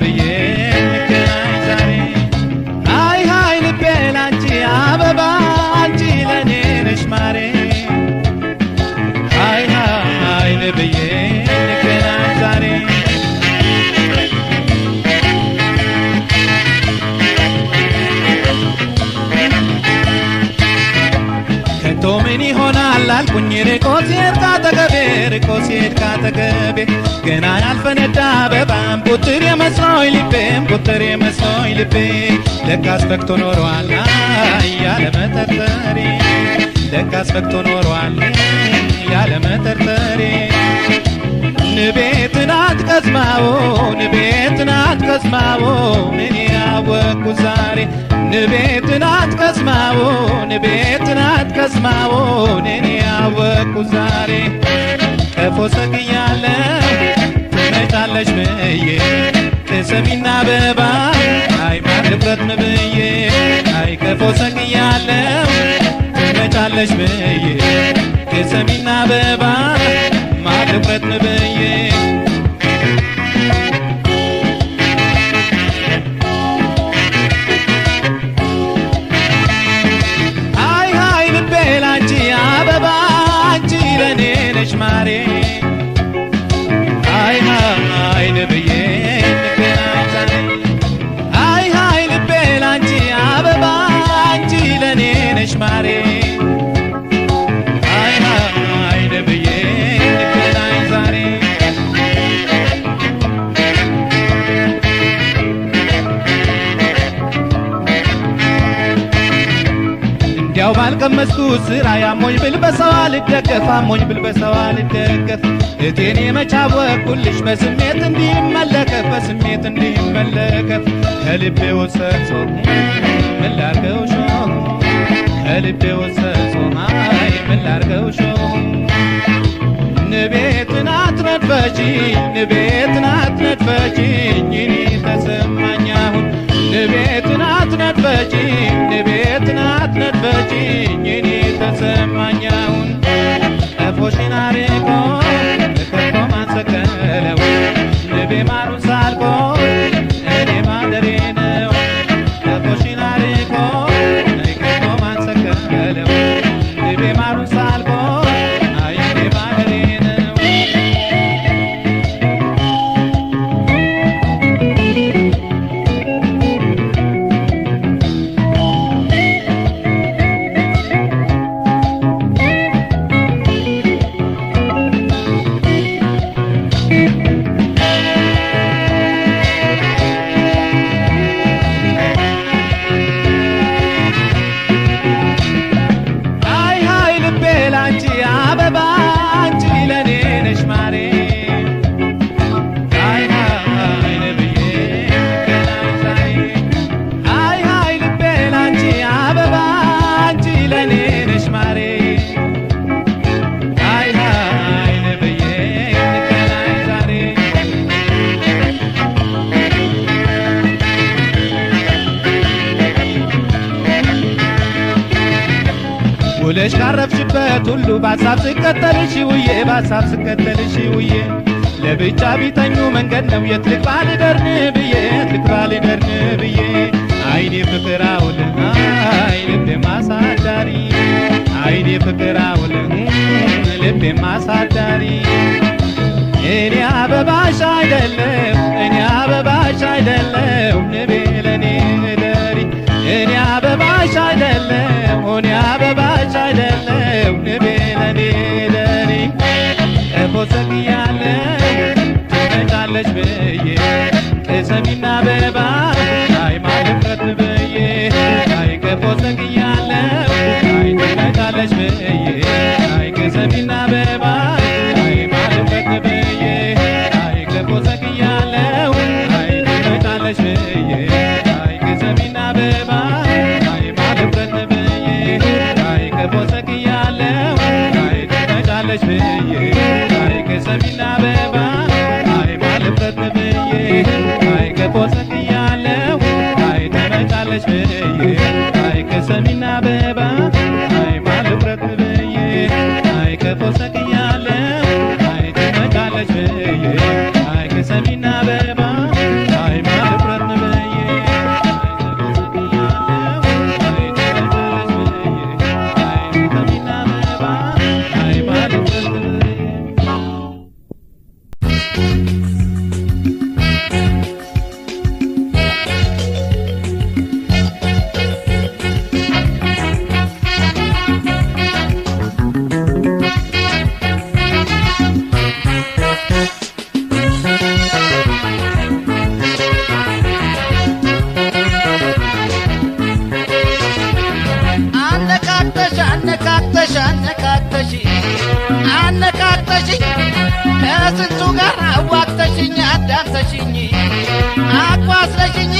ብዬ እንገናኝ ዛሬ አይ ሀይ ልቤ ላንቺ አበባ ምን ይሆናል አልኩኝ ርቆ ሲሄድ ካጠገቤ ርቆ ሲሄድ ካጠገቤ ገና ያልፈነዳ አበባ ቁጥር የመሰኝ ልቤ ቁጥር የመሰኝ ልቤ ለካስ ፈክቶ ኖሯል ያለ መጠርጠሬ ለካስ ፈክቶ ኖሯል ያለ መጠርጠሬ ንቤት ናት ቀዝማዎ ንቤት ናት ቀዝማዎ ዛሬ ንቤት ናት ቀዝማዎ ንቤት ናት ቀዝማዎ ዛሬ ቀፎ ትመጫለች ብዬ ተሰሚና በባ አይ አይማድበትም ብዬ አይከፎ ሰግያለው ትመጫለች ብዬ ተሰሚና በባ ማድበትም ብዬ ያልቀመስኩ ስራ ያሞኝ ብል በሰው አልደገፍ አሞኝ ብል በሰው አልደገፍ እቴኔ መቻወኩልሽ በስሜት እንዲመለከፍ በስሜት እንዲመለከፍ ከልቤ ወሰንሶ ምን ሾ ከልቤ ወሰንሶ አይ ምን ሾ ንቤትን አትነድፈጂኝ ንቤትን አትነድፈጂኝ እኔ ተሰማኝ ንቤት የለችም ቤት ናት ለበችኝ እኔ ተሰማኛውን ፎሽናሬ እኮ እኮ ሁሉ በሀሳብ ስከተልሽ ውዬ በሀሳብ ስከተልሽ ውዬ ለብቻ ቢተኙ መንገድ ነው የት ልግባ ልደርን ብዬ የት ልግባ ልደርን ብዬ አይኔ ፍቅር አውል ልቤ ማሳዳሪ አይኔ ፍቅር አውል ልቤ ማሳዳሪ እኔ አበባሽ አይደለም ተቆዘግያለሁ ትመጣለች ብዬ ከሰሚና በባ አይ ማልፍረት ብዬ አይ ከቆዘግያለሁ አይ ትመጣለች ብዬ አይ ከሰሚና በባ ከስንቱ ጋር አዋቅተሽኝ አዳምተሽኝ አቋስለሽኝ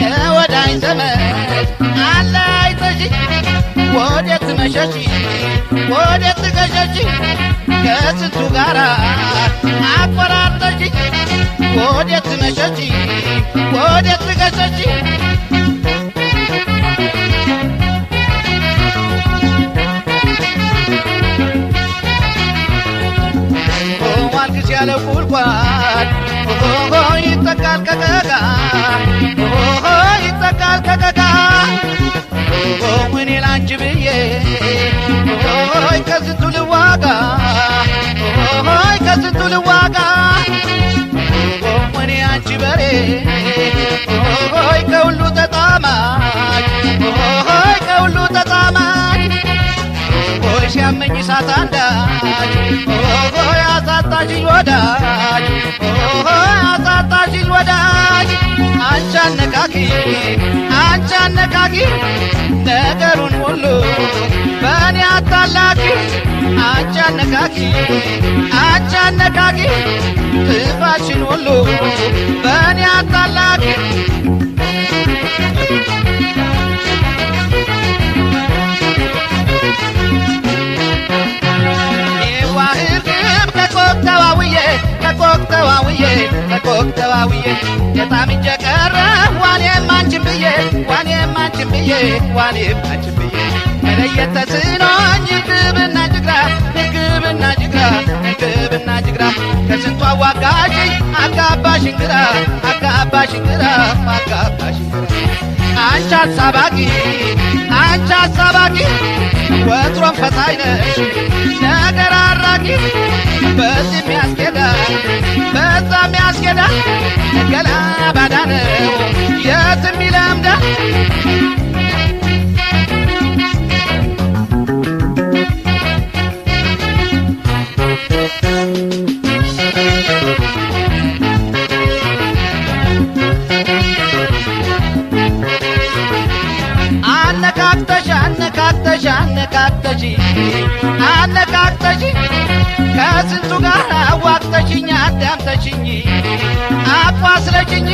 ከወዳኝ ዘመድ አለያይተሽኝ ወዴት መሸሽ ወዴት ገሸሽ ከስንቱ ጋር አቆራርተሽኝ ወዴት መሸሽ ወዴት ገሸሽ ያለ ጉድጓድ ሆሆ ይጠቃል ከቀጋ ሆሆ ይጠቃል ከቀጋ ሆሆ እኔ ብዬ ከስንቱ ልዋጋ ከስንቱ ልዋጋ ሆሆ እኔ በሬ ከሁሉ ተጣማ ሲያመኝ እሳት አንዳች ኦሆ ያሳጣሽኝ ወዳጅ ኦሆ ያሳጣሽኝ ወዳጅ አንቺ አነካኪ አንቺ አነካኪ ነገሩን ሁሉ በእኔ አታላኪ አንቺ አነካኪ አንቺ አነካኪ ክፋሽን ሁሉ በእኔ አታላኪ ከቆቅተዋውዬ ከቆቅተዋውዬ ከቆቅተዋውዬ የታምጀ ቀረ ዋኔም አንቺን ብዬ ዋኔም አንቺን ብዬ ዋኔም አንቺን ብዬ መለየት ተስኖኝ ግብና ጅግራ ግብና ጅግራ ግብና ጅግራ ከስንቷ ዋጋሽኝ አጋባሽን ግራ አጋባሽን ግራ አጋባሽን ግራ አንቺ አሳባቂ አንቺ አሳባቂ ወትሮም ፈታኝ ነሽ ነገር አራቂ በዚህ ሚያስኬዳል በዛ ሚያስኬዳል ገላ ባዳ ነው የትም ይለምዳል አነቃቅተሽ አነቃቅተሽ ከስንቱ ጋር አዋቅተሽኝ አዳምተሽኝ አቋስለሽኝ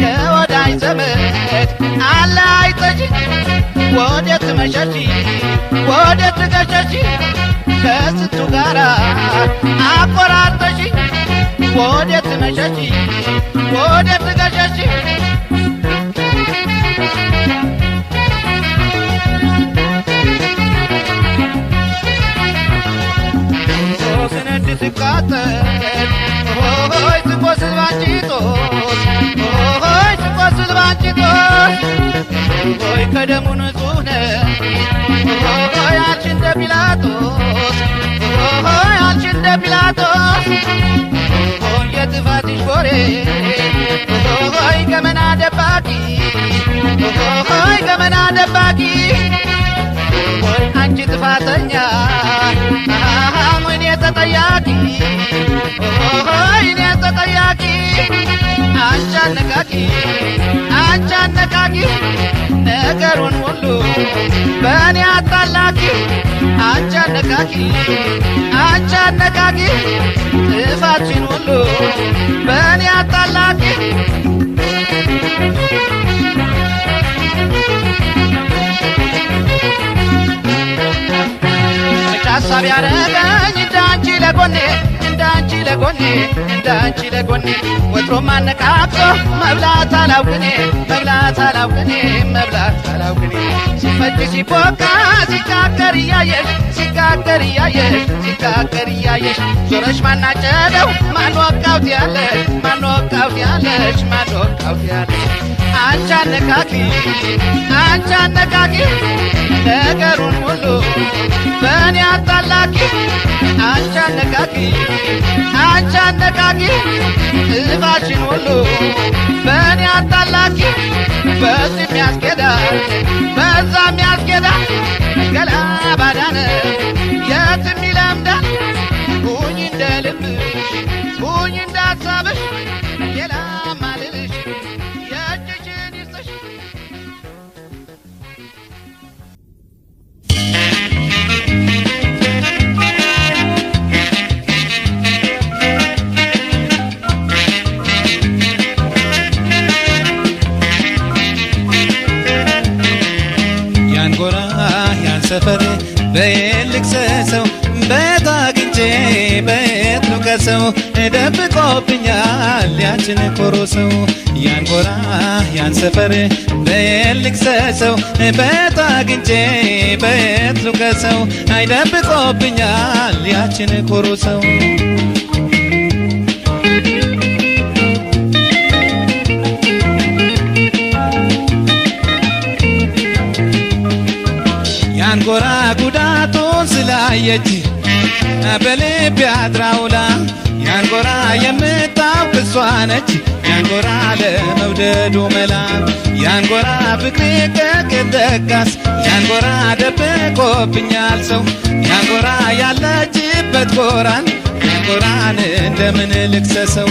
ከወዳጅ ዘመድ አለያይተሽኝ ወዴት መሸሽ ወዴት ገሸሽ ከስንቱ ጋር አቆራርተሽኝ ወዴት መሸሽ ወዴት ገሸሽ ሲቃጠል ሆይ ስቆስል ባንቺ ሆይ ስቆስል ባንቺ ሆይ ከደሙ ንጹህ ነሽ ሆይ አልሽ እንደ ጲላጦስ ሆይ አልሽ እንደ ጲላጦስ ሆይ የጥፋትሽ ቦሬ ሆይ ገመና ደባቂ ሆይ ገመና ደባቂ አንቺ ጥፋተኛ እኔ ተጠያቂ እኔ ተጠያቂ አንቺ አነቃቂ አንቺ አነቃቂ ነገሩን ሁሉ በእኔ አጣላቂ አንቺ አነቃቂ አንቺ አነቃቂ ጥፋችን ሁሉ በእኔ አጣላቂ ሳቢ ያረገኝ እንዳንቺ ለጎኔ እንዳንቺ ለጎኔ እንዳንቺ ለጎኔ ወትሮ ማነቃቅሶ መብላት አላውቅኔ መብላት አላውቅኔ መብላት አላውቅኔ ሲፈጅ ሲቦካ ሲጋገር እያየሽ ሲጋገር እያየሽ ሲጋገር እያየሽ ዞረሽ ማናጨደው ማንወቃውት ያለሽ ማንወቃውት ያለሽ ማንወቃውት ያለሽ አንቺ አነቃቂ አንቺ አነቃቂ ነገሩን ሁሉ በእኔ አጣላቂ አንቺ አነቃቂ አንቺ አነቃቂ ልባችን ሁሉ በእኔ አጣላቂ በዚህ ያስኬዳ በዛም ያስኬዳ ገላ ባዳነ የትም ይለምዳል ሁኝ እንደ ልብሽ ሁኝ እንደ ሰፈር በየልክሰሰው በት አግኝቼ በየት ልውቀሰው አይደብቆብኛል ያችን ኩሩ ሰው ያንጎራ ጉዳቱን ስላየች በልብ ያድራውላ ያንጎራ የምት እሷ ነች ያንጎራ ለመውደዱ መላ ያንጎራ ፍቅሬ ከቀጠቃስ ያንጎራ ደብቆብኛል ሰው ያንጎራ ያለችበት ጎራን ያንጎራን እንደምን ልክሰሰው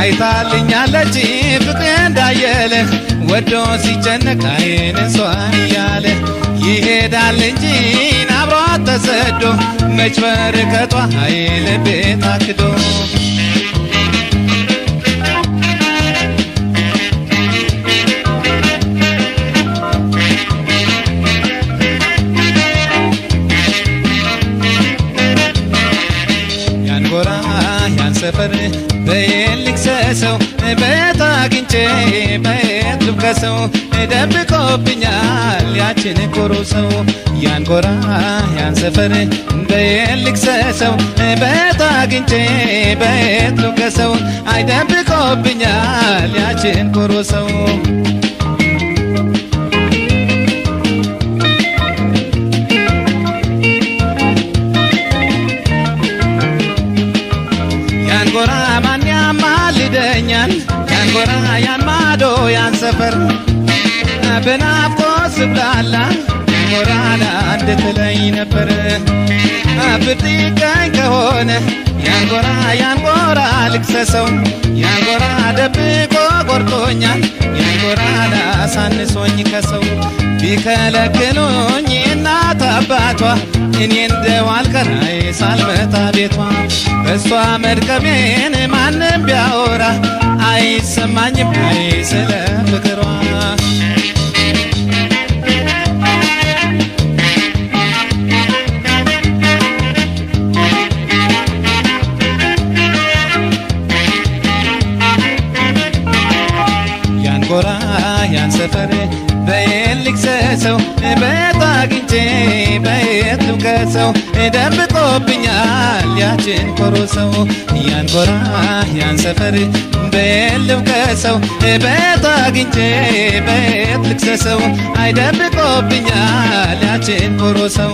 አይታልኛለች ፍቅሬ እንዳየለ ወዶ ሲጨነቅ አይን እሷን እያለ ይሄዳል እንጂ አብሯት ተሰዶ መች በርቀቷ ኃይል ቤት አክዶ ሰፈር በየልክሰሰው ቤት አግኝቼ በየት ልብከሰው ደብቆብኛል ያችን ኩሩ ሰው ያን ጎራ ያን ሰፈር በየልክሰሰው ቤት አግኝቼ በየት ልብከሰው አይደብቆብኛል ያችን ኩሩ ሰው ያንጎራ ማን ያማልደኛል ያንጎራ ያማዶ ያንሰፈር ሰፈር በናፍቆ ስብላላ ያንጎራ ለአንድ ትለኝ ነበር ብርድቀኝ ከሆነ ያንጎራ ያንጎራ ልክሰሰው ያንጎራ ደብቆ ቆርጦኛል ያንጎራ ላሳንሶኝ ከሰው ቢከለክሉኝ እናት አባቷ እኔ እንደዋልከራይ ሳልመታ ቤቷ እሷ መድከሜን ማንም ቢያወራ አይሰማኝም አይ ስለ ፍቅሯ ያን ያን ሰፈር በየልክ ሰው በየት አግኝቼ በየት ልብቀሰው ኮሮ ሰው ያን ያንጎራ ያንሰፈር በልብከ ሰው ቤት አግኝቼ ቤት ልክሰ ሰው አይደብቆብኛል ኮሮ ሰው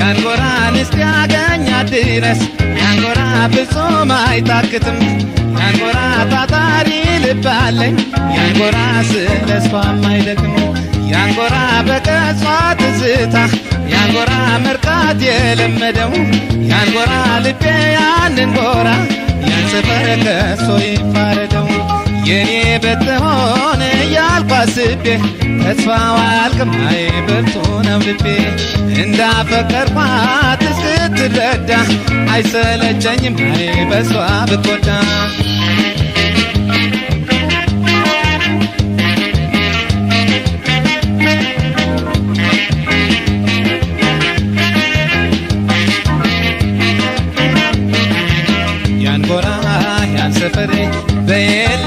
ያን ጎራ ንስቲ አገኛ ድረስ ፍጹም አይታክትም። ያንጎራ ታታሪ ልብ አለኝ ያንጎራ ስለሷም አይደክም ያንጎራ በቀጿ ትዝታ ያንጎራ መርቃት የለመደው ያንጎራ ልቤ ያንን ጎራ ያን ሰፈር ከሶ ይፋረደው የኔ በተሆነ እንዳልኩ አስቤ ተስፋው አልቅማይ በልቶ ነው ልቤ እንዳፈቀርኳት እስክትረዳ አይሰለቸኝም አይ በሷ ብትወዳ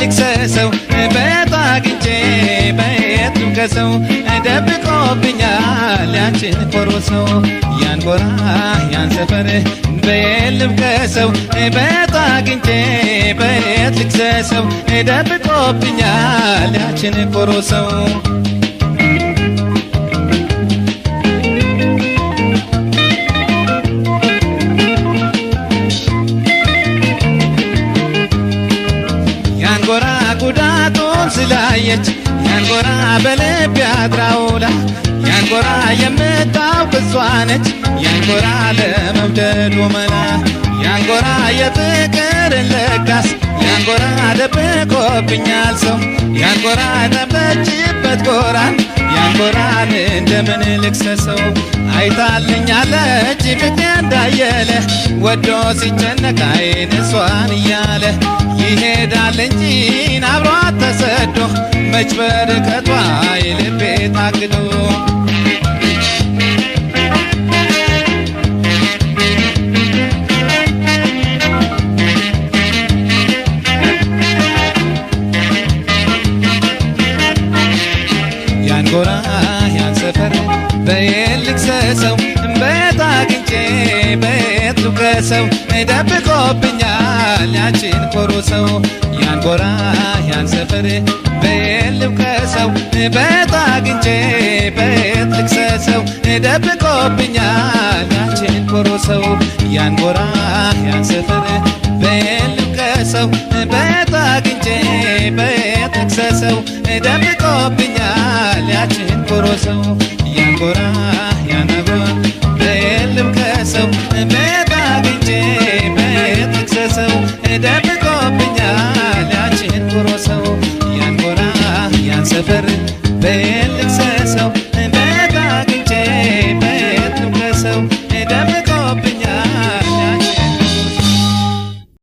ልክሰሰው ቤት አግኝቼ በየቱም ከሰው ደብቆብኛል ያንቺን ኮሮ ሰው ያን ጎራ ያን ሰፈር በየልም ከሰው ቤት አግኝቼ በየት ልክሰሰው ደብቆብኛል ያንቺን ኮሮ ሰው ስላየች ያንጎራ በልብ ያድራውላ ያንጎራ የምታውቅ እሷ ነች ያንጎራ ለመብደሉ መላ ያንጎራ የፍቅር ለጋስ ያንጎራ ደብ ተልኮብኛል ሰው ያንጎራጠፈችበት ጎራን ያንጎራን እንደምን ልክሰሰው አይታልኛለች ፊቴ እንዳየለ ወዶ ሲጨነቅ አይን እሷን እያለ ይሄዳል እንጂ አብሯት ተሰዶ መች በርቀቷ የልቤ ታግዶ ደብቆብኛል ያችን ኮሮ ሰው ያን ጎራ ያን በየት አግኝቼ በየት ደብቆብኛል ኮሮ ሰው ያን ጎራ ያን አጎራ በየት አግኝቼ በየት ደብቆብኛል